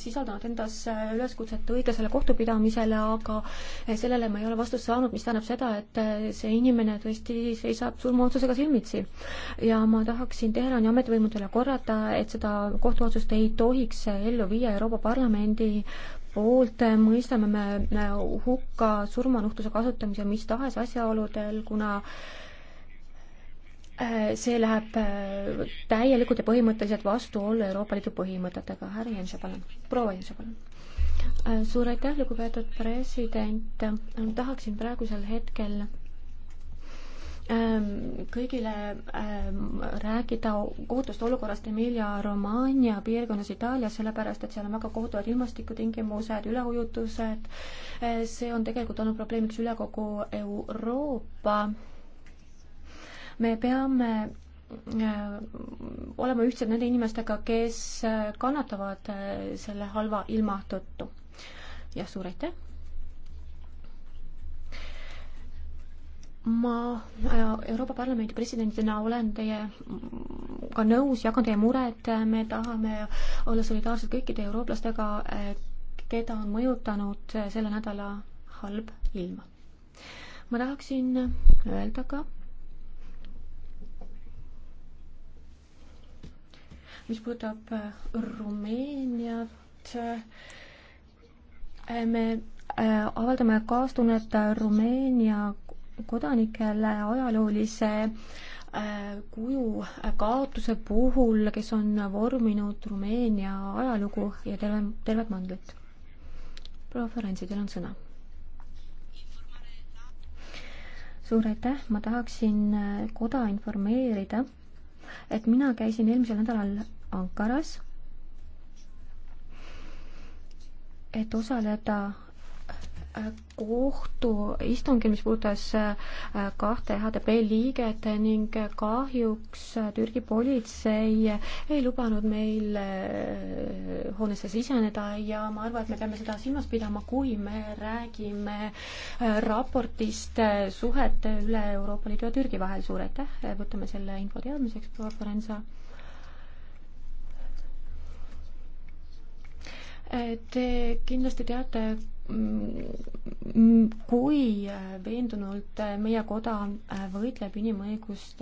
sisaldavad endas üleskutset õiglasele kohtupidamisele, aga sellele ma ei ole vastust saanud, mis tähendab seda, et see inimene tõesti seisab surmaotsusega silmitsi. ja ma tahaksin Teherani ametivõimudele korrata, et seda kohtuotsust ei tohiks ellu viia Euroopa Parlamendi poolt mõistame me hukka surmanuhtluse kasutamise mis tahes asjaoludel, kuna äh, Äh, see läheb äh, täielikult ja põhimõtteliselt vastuollu Euroopa Liidu põhimõtetega. härra Jense, palun. proua Jense, palun. Äh, suur aitäh, lugupeetud president. tahaksin praegusel hetkel ähm, kõigile ähm, rääkida kohutust olukorrast Emilia-Romagna piirkonnas Itaalias, sellepärast et seal on väga kohutavad ilmastikutingimused, üleujutused. see on tegelikult olnud probleemiks üle kogu Euroopa me peame äh, olema ühtsed nende inimestega, kes äh, kannatavad äh, selle halva ilma tõttu. jah, suur aitäh! ma Euroopa Parlamendi presidendina olen teiega mm, nõus, jagan teie muret, me tahame olla solidaarsed kõikide eurooplastega, keda on mõjutanud selle nädala halb ilm. ma tahaksin öelda ka, mis puudutab äh, Rumeeniat, äh, me äh, avaldame kaastunnet Rumeenia kodanikele ajaloolise kuju kaotuse puhul, kes on vorminud Rumeenia ajalugu ja terve, tervet mandlit. proua Ferenci, teil on sõna. suur aitäh, ma tahaksin koda informeerida, et mina käisin eelmisel nädalal Ankaras, et osaleda äh, kohtuistungil, mis puudutas äh, kahte HDP liiget ning kahjuks äh, Türgi politsei ei lubanud meil hoonesse siseneda ja ma arvan, et me peame seda silmas pidama, kui me räägime raportist suhete üle Euroopa Liidu ja Türgi vahel. suur aitäh, võtame selle info teadmiseks, proua Forenza. Te kindlasti teate, mm, mm, kui veendunult meie koda võitleb inimõiguste